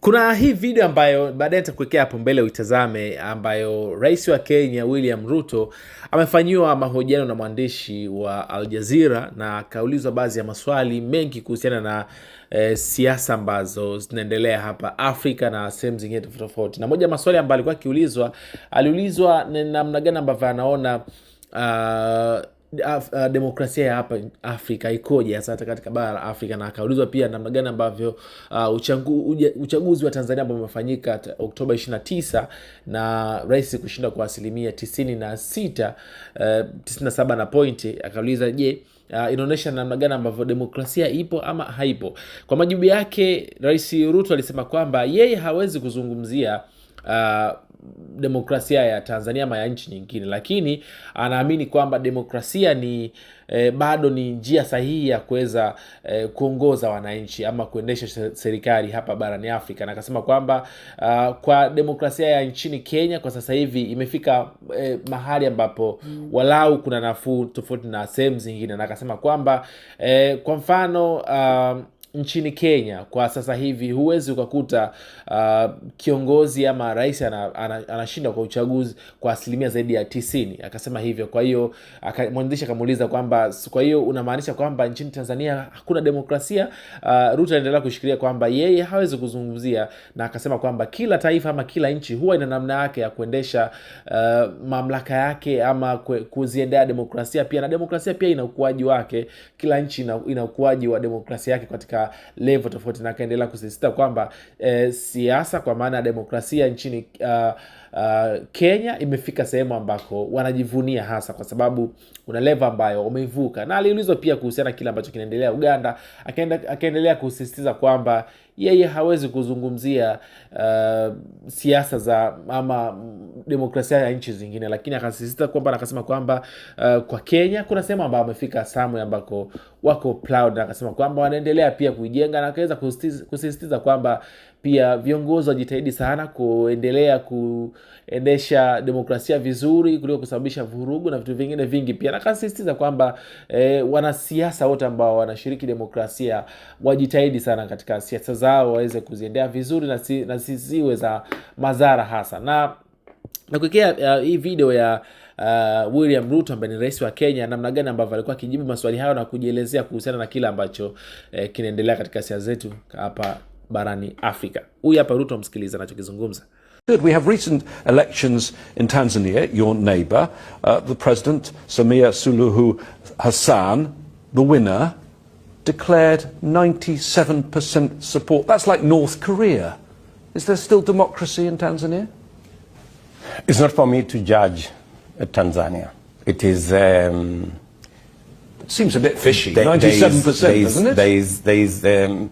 Kuna hii video ambayo baadaye nitakuwekea hapo mbele uitazame, ambayo rais wa Kenya William Ruto amefanyiwa mahojiano na mwandishi wa Al Jazeera na akaulizwa baadhi ya maswali mengi kuhusiana na e, siasa ambazo zinaendelea hapa Afrika na sehemu zingine tofauti tofauti, na moja ya maswali ambayo alikuwa akiulizwa, aliulizwa namna gani ambavyo anaona uh, Af, uh, demokrasia ya hapa Afrika ikoje hasa hata katika bara la Afrika, na akaulizwa pia namna gani ambavyo uh, uchangu, uchaguzi wa Tanzania ambao umefanyika Oktoba 29 na rais kushinda kwa asilimia 96 na sita uh, 97 na na pointi, akauliza je, uh, inaonyesha namna gani ambavyo demokrasia ipo ama haipo? Kwa majibu yake Rais Ruto alisema kwamba yeye hawezi kuzungumzia uh, demokrasia ya Tanzania ama ya nchi nyingine, lakini anaamini kwamba demokrasia ni eh, bado ni njia sahihi ya kuweza eh, kuongoza wananchi ama kuendesha serikali hapa barani Afrika, na akasema kwamba uh, kwa demokrasia ya nchini Kenya kwa sasa hivi imefika eh, mahali ambapo mm, walau kuna nafuu tofauti na sehemu zingine, na akasema kwamba eh, kwa mfano uh, nchini Kenya kwa sasa hivi huwezi ukakuta uh, kiongozi ama rais anashinda kwa uchaguzi kwa asilimia zaidi ya tisini. Akasema hivyo. Kwa hiyo mwandishi akamuuliza kwamba kwa hiyo unamaanisha kwamba nchini Tanzania hakuna demokrasia? Uh, rut anaendelea kushikilia kwamba yeye hawezi kuzungumzia, na akasema kwamba kila taifa ama kila nchi huwa ina namna yake ya kuendesha uh, mamlaka yake ama kuziendea demokrasia pia, na demokrasia pia ina ukuaji wake. Kila nchi ina, ina ukuaji wa demokrasia yake katika katika levo tofauti, na akaendelea kusisitiza kwamba e, siasa kwa maana ya demokrasia nchini uh, uh, Kenya imefika sehemu ambako wanajivunia hasa kwa sababu kuna levo ambayo wameivuka na aliulizwa pia kuhusiana kile ambacho kinaendelea Uganda, akaendelea kusisitiza kwamba yeye hawezi kuzungumzia uh, siasa za ama demokrasia ya nchi zingine, lakini akasisitiza kwamba akasema kwamba uh, kwa Kenya kuna sehemu ambayo amefika Samwe ambako wako proud, na akasema kwamba wanaendelea pia kuijenga, na akaweza kusisitiza kwamba pia viongozi wajitahidi sana kuendelea kuendesha demokrasia vizuri kuliko kusababisha vurugu na vitu vingine vingi. Pia nakasistiza kwamba e, wanasiasa wote ambao wanashiriki demokrasia wajitahidi sana katika siasa zao waweze kuziendea vizuri na, siziwe za madhara hasa na nakuekea uh, eh, hii video ya uh, William Ruto ambaye ni rais wa Kenya, namna gani ambavyo alikuwa akijibu maswali hayo na kujielezea kuhusiana na kile ambacho eh, kinaendelea katika siasa zetu hapa barani Afrika. Huyu hapa Ruto, msikiliza anachokizungumza. We have recent elections in Tanzania, your neighbor. Uh, the president, Samia Suluhu Hassan, the winner, declared 97% support. That's like North Korea. Is there still democracy in Tanzania? It's not for me to judge uh, Tanzania. It is. Um, it seems a bit fishy. There, 97%, there is, doesn't it? There is, there is, um,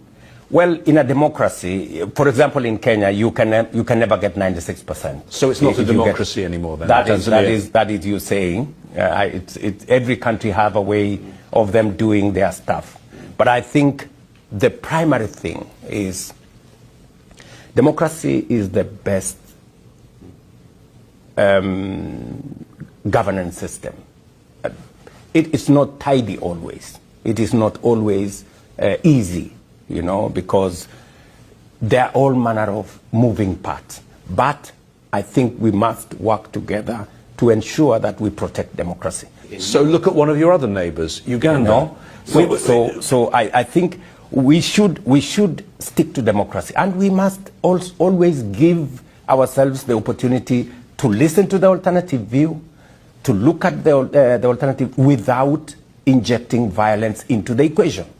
Well, in a democracy, for example, in Kenya, you can, you can never get 96%. So it's not a democracy get, anymore then? That is, that, is, that is you saying. Uh, it's, every country have a way of them doing their stuff. But I think the primary thing is democracy is the best um, governance system. It is not tidy always. It is not always uh, easy you know, because they are all manner of moving parts. But I think we must work together to ensure that we protect democracy. So look at one of your other neighbours, Uganda. No. So, so, so I, I, think we should, we should stick to democracy. And we must also always give ourselves the opportunity to listen to the alternative view, to look at the, uh, the alternative without injecting violence into the equation.